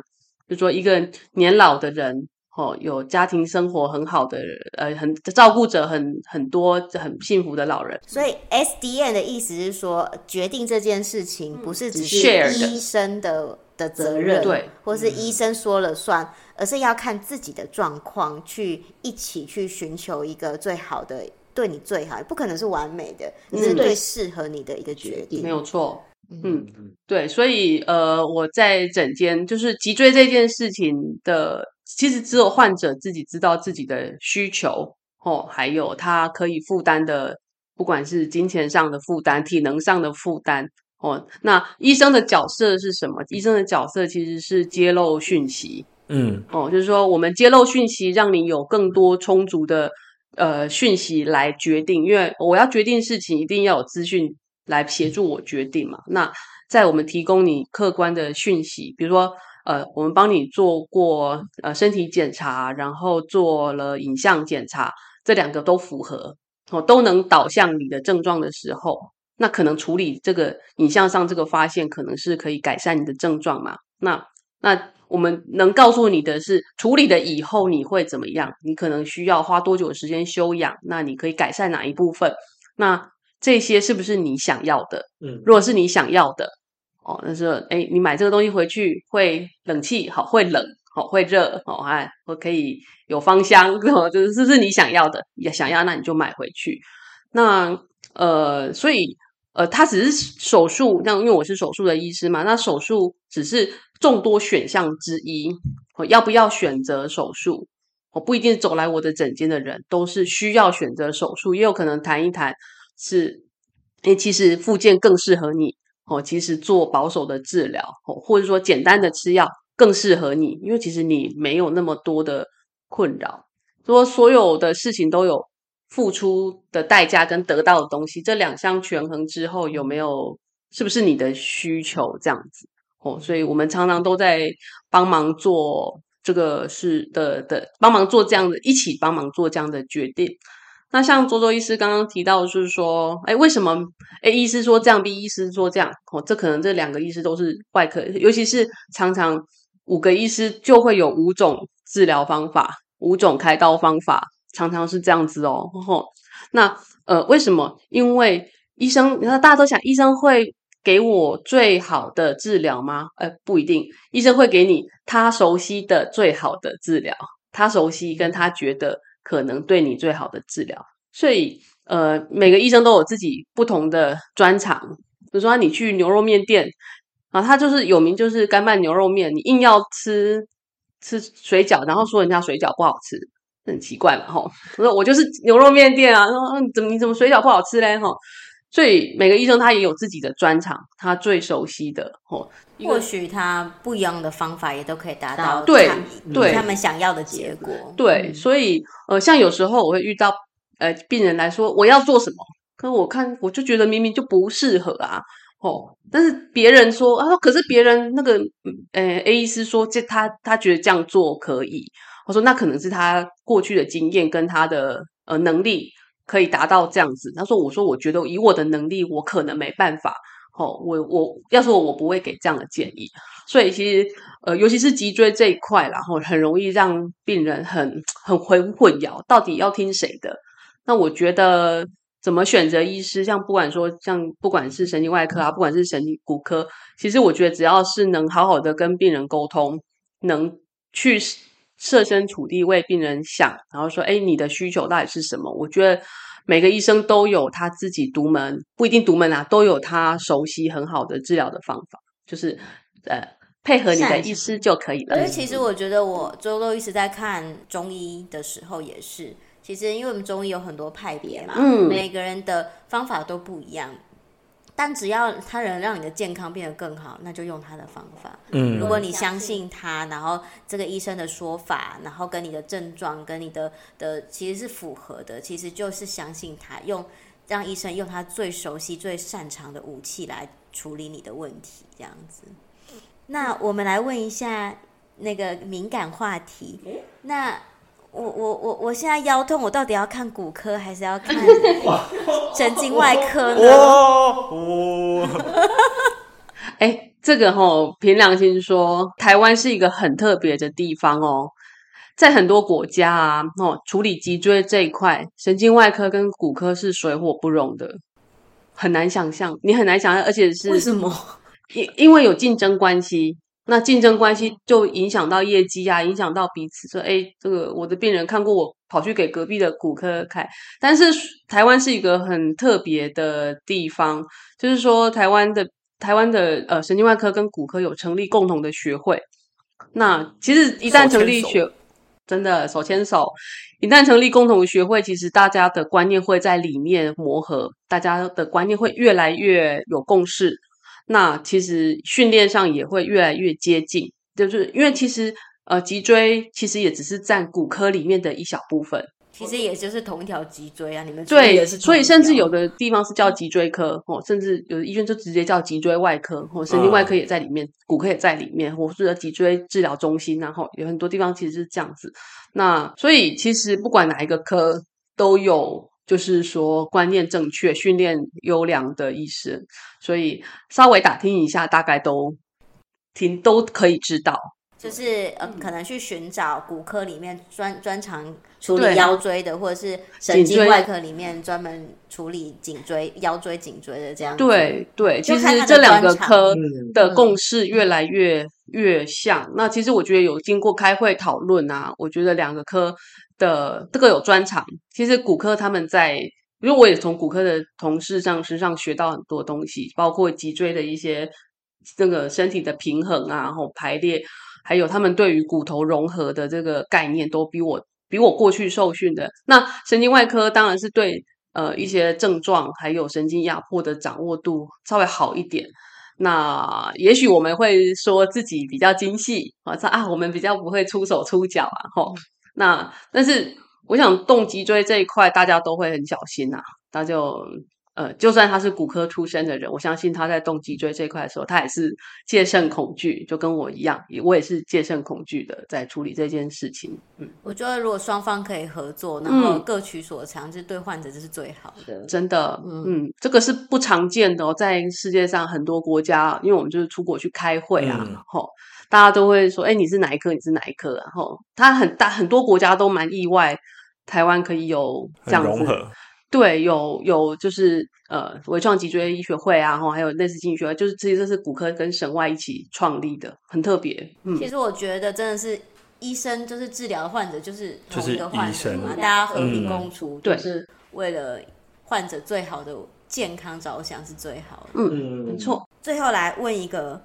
[SPEAKER 2] 就是說一個年老的人。哦，有家庭生活很好的，呃，很照顧着很很多很幸福的老人。
[SPEAKER 1] 所以 SDM 的意思是說，決定這件事情不是只是醫生的、嗯、醫生的、的責任，嗯、對，或是醫生說了算，嗯、而是要看自己的狀況去、嗯、一起去尋求一個最好的，對你最好，不可能是完美的，是最適合你的一個決定。嗯、沒有錯，嗯，嗯
[SPEAKER 2] 對。所以呃，我在診間就是脊椎這件事情的。其實只有患者自己知道自己的需求哦，還有他可以負擔的，不管是金錢上的負擔、體能上的負擔哦。那醫生的角色是什麼？醫生的角色其實是揭露訊息，嗯，哦，就是說我們揭露訊息，讓你有更多充足的呃訊息來決定，因為我要決定事情，一定要有資訊來協助我決定嘛。那在我們提供你客觀的訊息，比如說。呃，我們幫你做過呃身體檢查，然後做了影像檢查，這兩個都符合，哦，都能導向你的症狀的時候，那可能處理這個影像上這個發現，可能是可以改善你的症狀嘛？那那我們能告訴你的是，處理了以後你會怎麼樣？你可能需要花多久的時間休養？那你可以改善哪一部分？那這些是不是你想要的？嗯，如果是你想要的。嗯哦，那說：“哎，你買這個東西回去會冷氣好，會冷好，會熱好，嗨我可以有芳香，就是是不是你想要的？也想要那你就買回去。那呃，所以呃，他只是手術，那因為我是手術的醫師嘛。那手術只是眾多選項之一，要不要選擇手術？我不一定走來我的診間的人都是需要選擇手術，也有可能談一談是，誒其實復健更適合你。”哦，其實做保守的治療，哦，或者說簡單的吃藥更適合你，因為其實你沒有那麼多的困擾。說所有的事情都有付出的代價跟得到的東西，這兩項權衡之後有沒有，是不是你的需求這樣子？哦，所以我們常常都在幫忙做這個事的的，幫忙做這樣的，一起幫忙做這樣的決定。那像周周醫師剛剛提到，就是說，哎，為什麼？哎，醫師說這樣，B 醫師說這樣，哦，這可能這兩個醫師都是外科，尤其是常常五個醫師就會有五種治療方法，五種開刀方法，常常是這樣子哦。哦那呃，為什麼？因為醫生，你看大家都想醫生會給我最好的治療嗎？哎、呃，不一定，醫生會給你他熟悉的最好的治療，他熟悉跟他覺得。可能對你最好的治療，所以呃，每個醫生都有自己不同的專長。比如說，你去牛肉麵店，啊，他就是有名，就是乾拌牛肉麵。你硬要吃吃水餃，然後說人家水餃不好吃，很奇怪嘛，吼。我說我就是牛肉麵店啊，說你怎麼你怎麼水餃不好吃嘞？吼。所以每個醫生他也有自己的專長，他最熟悉的哦，或
[SPEAKER 1] 許他不一樣的方法也都可以達到對對他們想要的結果。對，對，
[SPEAKER 2] 對，所以呃，像有時候我會遇到呃病人來說，我要做什麼？可是我看我就覺得明明就不適合啊哦，但是別人說、啊、可是別人那個呃 A 醫師說這他他覺得這樣做可以，我說那可能是他過去的經驗跟他的呃能力。可以達到這樣子，他說：“我說，我覺得以我的能力，我可能沒辦法。吼，我我要說，我不會給這樣的建議。所以其實，呃，尤其是脊椎這一塊，然後很容易讓病人很很很混混淆，到底要聽誰的。那我覺得，怎麼選擇醫師，像不管說像不管是神經外科啊，不管是神經骨科，其實我覺得只要是能好好的跟病人溝通，能去。”設身處地為病人想，然後說：“哎、欸，你的需求到底是什麼？”我覺得每個醫生都有他自己獨門，不一定獨門啊，都有他熟悉很好的治療的方法，就是呃配合你的醫師就可以了。所以其實
[SPEAKER 1] 我覺得我周六一直在看中醫的時候，也是其實因為我們中醫有很多派別嘛，嗯，每個人的方法都不一樣。但只要他能讓你的健康變得更好，那就用他的方法。嗯，如果你相信他，然後這個醫生的說法，然後跟你的症狀跟你的的其實是符合的，其實就是相信他，用讓醫生用他最熟悉、最擅長的武器來處理你的問題，這樣子。那我們來問一下那個敏感話題，那。我我我我現在腰痛，我到底要看骨科還是要看神經外科呢？哎，
[SPEAKER 2] [laughs] [laughs] 欸，這個哈，哦，憑良心說，台灣是一個很特別的地方哦。在很多國家啊，哦，處理脊椎這一塊，神經外科跟骨科是水火不容的，很難想象，你很難想象，而且是為什麼？因因為有競爭關係。那競爭關係就影響到業績呀、啊，影響到彼此。說，誒、欸、這個我的病人看過我，跑去給隔壁的骨科看。但是台灣是一個很特別的地方，就是說台灣的台灣的呃神經外科跟骨科有成立共同的學會。那其實一旦成立學，手牽手真的手牽手；一旦成立共同學會，其實大家的觀念會在裡面磨合，大家的觀念會越來越有共識。那其實訓練上也會越來越接近，就是因為其實呃，脊椎其實也只是占骨科裡面的一小部分，
[SPEAKER 1] 其實也就是同一條脊椎啊。你們對，也是所
[SPEAKER 2] 以甚至有的地方是叫脊椎科哦，甚至有的醫院就直接叫脊椎外科，或、哦、神經外科也在裡面，uh. 骨科也在裡面，或者脊椎治療中心、啊，然後有很多地方其實是這樣子。那所以其實不管哪一個科都有。就是說觀念正確、訓練優良的醫生，所以稍微打聽一下，大概都聽都可以知道。
[SPEAKER 1] 就是、呃嗯、可能去尋找骨科裡面專專長處理腰椎的，對或者是神經外科裡面專門處理頸椎、腰椎、頸椎的這樣對。對對，其實這兩個科
[SPEAKER 2] 的共識越來越、嗯、越來越、越像。那其實我覺得有經過開會討論啊，我覺得兩個科。的這個有專長，其實骨科他們在，因為我也從骨科的同事上身上學到很多東西，包括脊椎的一些那、這個身體的平衡啊，然後排列，還有他們對於骨頭融合的這個概念，都比我比我過去受訓的。那神經外科當然是對呃一些症狀還有神經壓迫的掌握度稍微好一點。那也許我們會說自己比較精細啊，說啊，我們比較不會出手出腳啊，吼、哦。那但是我想動脊椎這一塊，大家都會很小心吶、啊。他就呃，就算他是骨科出身的人，我相信他在動脊椎這一塊的時候，他也是戒慎恐懼，就跟我一樣，我也是戒慎恐懼的，在處理這件事情。嗯，
[SPEAKER 1] 我覺得如果雙方可以合作，然後各取所長，嗯，就對患者這是
[SPEAKER 2] 最好的。真的，嗯，嗯，這個是不常見的哦，在世界上很多國家，因為我們就是出國去開會啊，嗯、然後。大家都會說，哎、欸，你是哪一科？你是哪一科、啊？然後，他很大很多國家都蠻意外，台灣可以有這樣子，很融合。對，有有就是呃，微創脊椎醫學會啊，然後還有類似經濟學會，就是這些，其實這是骨科跟神外一起創立的，很特別。嗯，其
[SPEAKER 1] 實我覺得真的是醫生就是治療患者，就是同一個患者嘛，就是醫生，大家和平共處，就是為了患者最好的健康着想是最好的。嗯，沒、嗯、錯。嗯、最後來問一個。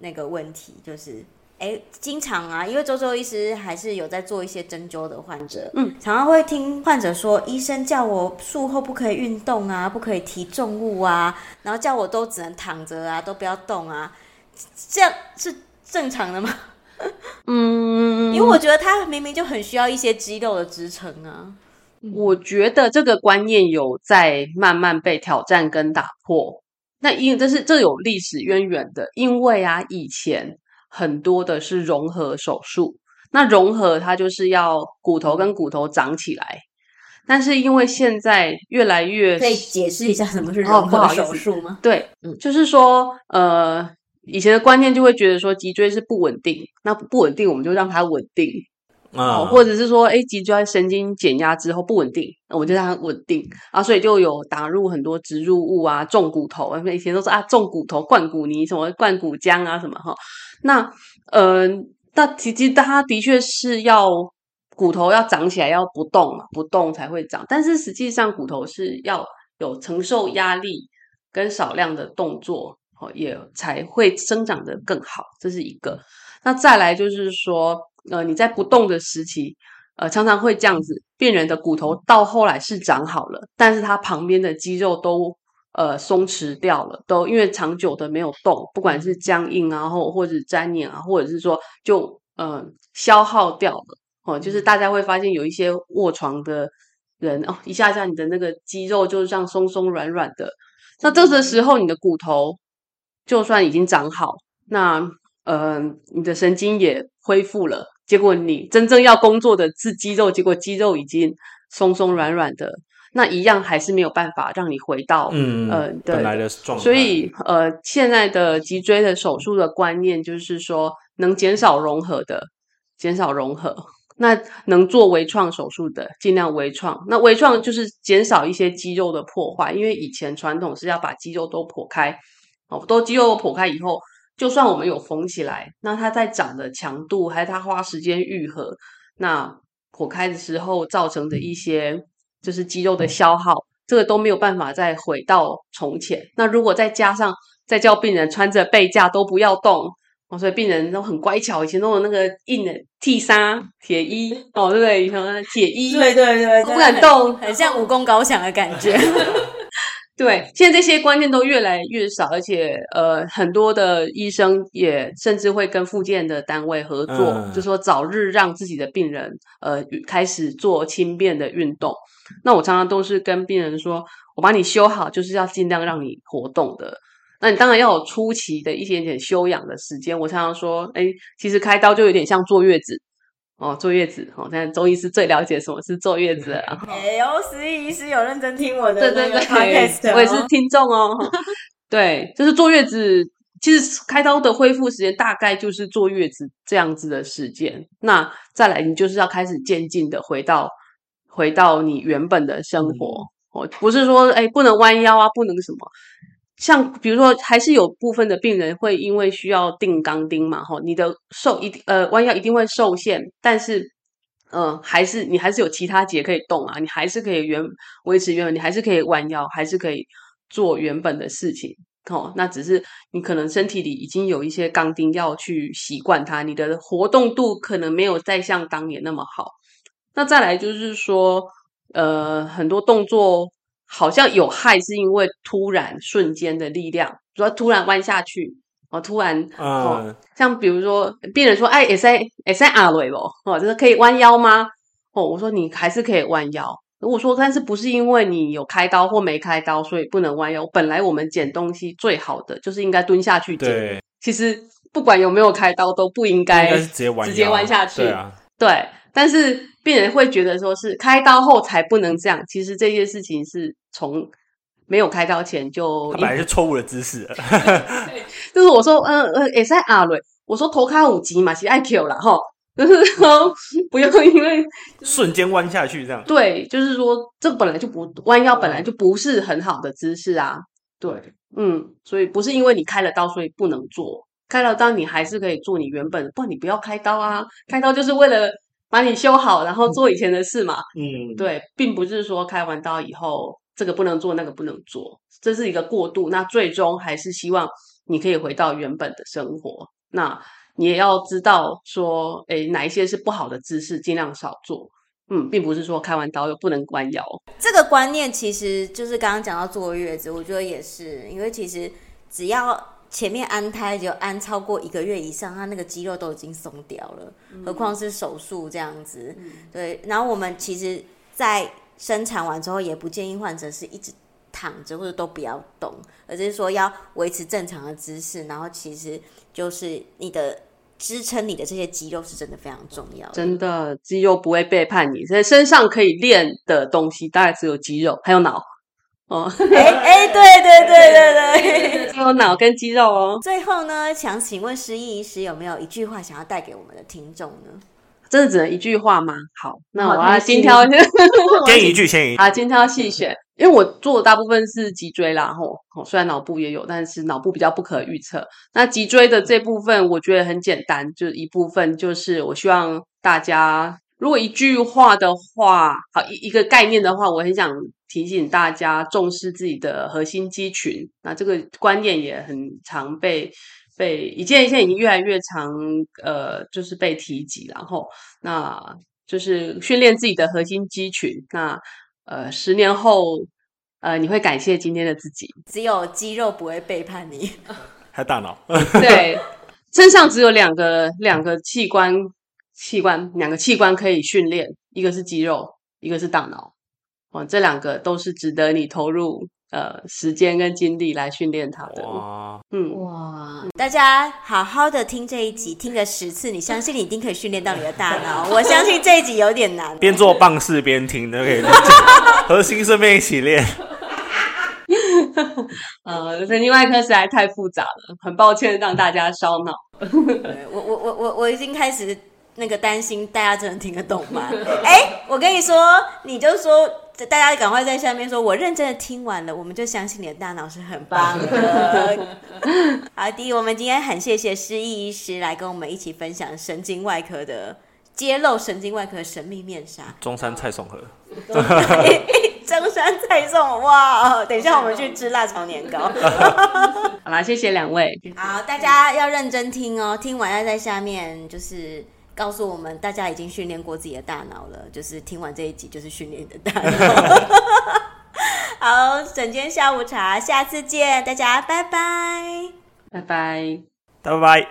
[SPEAKER 1] 那個問題就是，哎，經常啊，因為周周醫師還是有在做一些針灸的患者，嗯，常常會聽患者說，醫生叫我術後不可以運動啊，不可以提重物啊，然後叫我都只能躺着啊，都不要動啊，這樣是正常的嗎？嗯，
[SPEAKER 2] 因為我覺
[SPEAKER 1] 得他明明就很需要一些肌肉的支撐啊。嗯。
[SPEAKER 2] 我覺得這個觀念有在慢慢被挑戰跟打破。那因這是這有歷史淵源的，因為啊，以前很多的是融合手術，那融合它就是要骨頭跟骨頭長起來，但是因為現在越來越，可以解釋一
[SPEAKER 1] 下什麼是融合手術嗎？哦，不好意思。
[SPEAKER 2] 對，嗯，就是說，呃，以前的觀念就會覺得說脊椎是不穩定，那不穩定我們就讓它穩定。啊、哦，或者是說誒脊椎神經減壓之後不穩定，那我覺得它很穩定啊，所以就有打入很多植入物，物啊，種骨頭啊，以前都是啊，種骨頭、灌骨泥什麼、灌骨漿啊什麼哈、哦。那，嗯、呃，那其實它的確是要骨頭要長起來，要不動嘛，不動才會長。但是實際上，骨頭是要有承受壓力跟少量的動作，哦，也才會生長得更好。這是一個。那再來就是說。呃，你在不動的時期，呃，常常會這樣子。病人的骨頭到後來是長好了，但是他旁邊的肌肉都呃鬆弛掉了，都因為長久的沒有動，不管是僵硬啊，或或者是粘黏啊，或者是說就呃消耗掉了。哦、呃，就是大家會發現有一些臥床的人哦，一下下你的那個肌肉就像鬆鬆軟軟的。那這個時候你的骨頭就算已經長好，那呃你的神經也，恢復了，結果你真正要工作的是肌肉，結果肌肉已經鬆松軟軟的，那一樣還是沒有辦法讓你回到嗯、呃、對本來的狀態。所以呃，現在的脊椎的手術的觀念就是說，能減少融合的，減少融合。那能做微創手術的，盡量微創。那微創就是減少一些肌肉的破壞，因為以前傳統是要把肌肉都剖開，哦，都肌肉剖開以後。就算我們有縫起來，那它在長的強度，還是它花時間癒合，那破開的時候造成的一些就是肌肉的消耗，這個都沒有辦法再回到從前。那如果再加上再叫病人穿着背架都不要動，哦，所以病人都很乖巧。以前都有那個硬的 t 沙鐵衣哦，對不對？以前鐵衣，對，對對對，不敢動，很，很像武功高強的感覺。 [laughs] 對，現在這些觀念都越來越少，而且呃，很多的醫生也甚至會跟復健的單位合作，嗯、就是說早日讓自己的病人呃開始做輕便的運動。那我常常都是跟病人說，我把你修好就是要儘量讓你活動的，那你當然要有初期的一點點休養的時間。我常常說，哎，其實開刀就有點像坐月子。哦，坐月子哦，但中醫師最了解的什麼是坐月子了。
[SPEAKER 1] 哎呦、okay, 哦，斯逸醫師有認真聽
[SPEAKER 2] 我的，對對對，哦、我也是聽眾哦。 [laughs] 對，就是坐月子，其實開刀的恢復時間大概就是坐月子這樣子的時間。那再來，你就是要開始漸進的回到回到你原本的生活。我、嗯哦、不是說哎、欸，不能彎腰啊，不能什麼。像比如說，還是有部分的病人會因為需要定鋼釘嘛，吼，你的受一定，呃彎腰一定會受限，但是，嗯、呃，還是你還是有其他節可以動啊，你還是可以原維持原本，你還是可以彎腰，還是可以做原本的事情，吼、哦，那只是你可能身體裡已經有一些鋼釘要去習慣它，你的活動度可能沒有再像當年那麼好。那再來就是說，呃，很多動作。好像有害，是因為突然瞬間的力量，主要突然彎下去哦，突然，嗯、哦，像比如說病人說，哎，is a is an a r a 哦，就是可以彎腰嗎？哦，我說你還是可以彎腰。如果說，但是不是因為你有開刀或沒開刀，所以不能彎腰？本來我們撿東西最好的就是應該蹲下去
[SPEAKER 1] 撿，
[SPEAKER 2] 對其實不管有沒有開刀，都不應該直接彎，直接彎下去對、啊，對。但是病人會覺得說是開刀後才不能這樣，其實這件事情是從沒有開刀前就他本來是錯誤的姿勢，對，就是我說，嗯嗯，a r 阿瑞，我說頭卡五級嘛，是 i Q 了哈，就是說不要因為
[SPEAKER 1] 瞬間彎下去這樣，
[SPEAKER 2] 對，就是說這本來就不彎腰本來就不是很好的姿勢啊，對，嗯，所以不是因為你開了刀所以不能做，開了刀你還是可以做你原本的，不你不要開刀啊，開刀就是為了。把你修好，然後做以前的事嘛。嗯，對，並不是說開完刀以後這個不能做那個不能做，這是一個過渡。那最終還是希望你可以回到原本的生活。那你也要知道說，哎，哪一些是不好的姿勢，盡量少做。嗯，並不是說開完刀又不能彎腰。這個觀念其實
[SPEAKER 1] 就是剛剛講到坐月子，我覺得也是，因為其實只要。前面安胎就安超過一個月以上，他那個肌肉都已經鬆掉了，嗯、何況是手術這樣子。嗯、對，然後我們其實，在生產完之後，也不建議患者是一直躺着或者都不要動，而是說要維持正常的姿勢。然後其實就是你的支撐，你的這些肌肉是真的非常重要的，真的
[SPEAKER 2] 肌肉不會背叛你。所以身上可以練的東西，大概只有肌肉還有腦。哦，哎哎，對對對對對，只有腦跟肌肉哦。最後
[SPEAKER 1] 呢，想請問斯逸醫師有沒有一句話想要帶給我們的聽眾呢？
[SPEAKER 2] 真的只能一句話嗎？好，那我要精挑，先一句，先一句啊，精挑細選。因為我做的大部分是脊椎啦，吼，雖然腦部也有，但是腦部比較不可預測。那脊椎的這部分，我覺得很簡單，就一部分就是我希望大家。如果一句話的話，好，一一個概念的話，我很想提醒大家重視自己的核心肌群。那這個觀念也很常被被一件現在已經越來越常呃，就是被提及。然後，那就是訓練自己的核心肌群。那呃，十年後，呃，你會感謝今天的自己。
[SPEAKER 1] 只有肌肉不會背叛你，
[SPEAKER 2] 還 [laughs] 大腦？ [laughs] 對，身上只有兩個兩個器官。器官，兩個器官可以訓練，一個是肌肉，一個是大腦，哦，這兩個都是值得你投入呃時間跟精力來訓練它的。哇嗯，
[SPEAKER 1] 哇，大家好好的聽這一集，聽個十次，你相信你一定可以訓練到你的大腦。 [laughs] 我相
[SPEAKER 2] 信這一集有點難，
[SPEAKER 1] 邊做棒式邊聽都可以，核心順便一起練。
[SPEAKER 2] 呃，神經外科實在太複雜了，很抱歉讓大家燒腦。
[SPEAKER 1] [laughs] 我我我我我已經開始。那個擔心大家真的聽得懂嗎？哎、欸，我跟你說，你就說，大家趕快在下面說，我認真的聽完了，我們就相信你的大腦是很棒的。 [laughs] 好，第一，我們今天很謝謝斯逸醫師來跟我們一起分享神經外科的揭露神經外科的神秘面紗。中山蔡送和， [laughs] [laughs] 中山蔡送哇！等一下我們去吃辣炒年糕。
[SPEAKER 2] [laughs] [laughs] 好啦，謝謝兩位。
[SPEAKER 1] 好，大家要認真聽哦、喔，聽完要在下面就是。告訴我們，大家已經訓練過自己的大腦了。就是聽完這一集，就是訓練的大腦。大 [laughs] [laughs] 好，診間下午茶，下次見，大家拜拜，
[SPEAKER 2] 拜拜，拜拜。拜拜。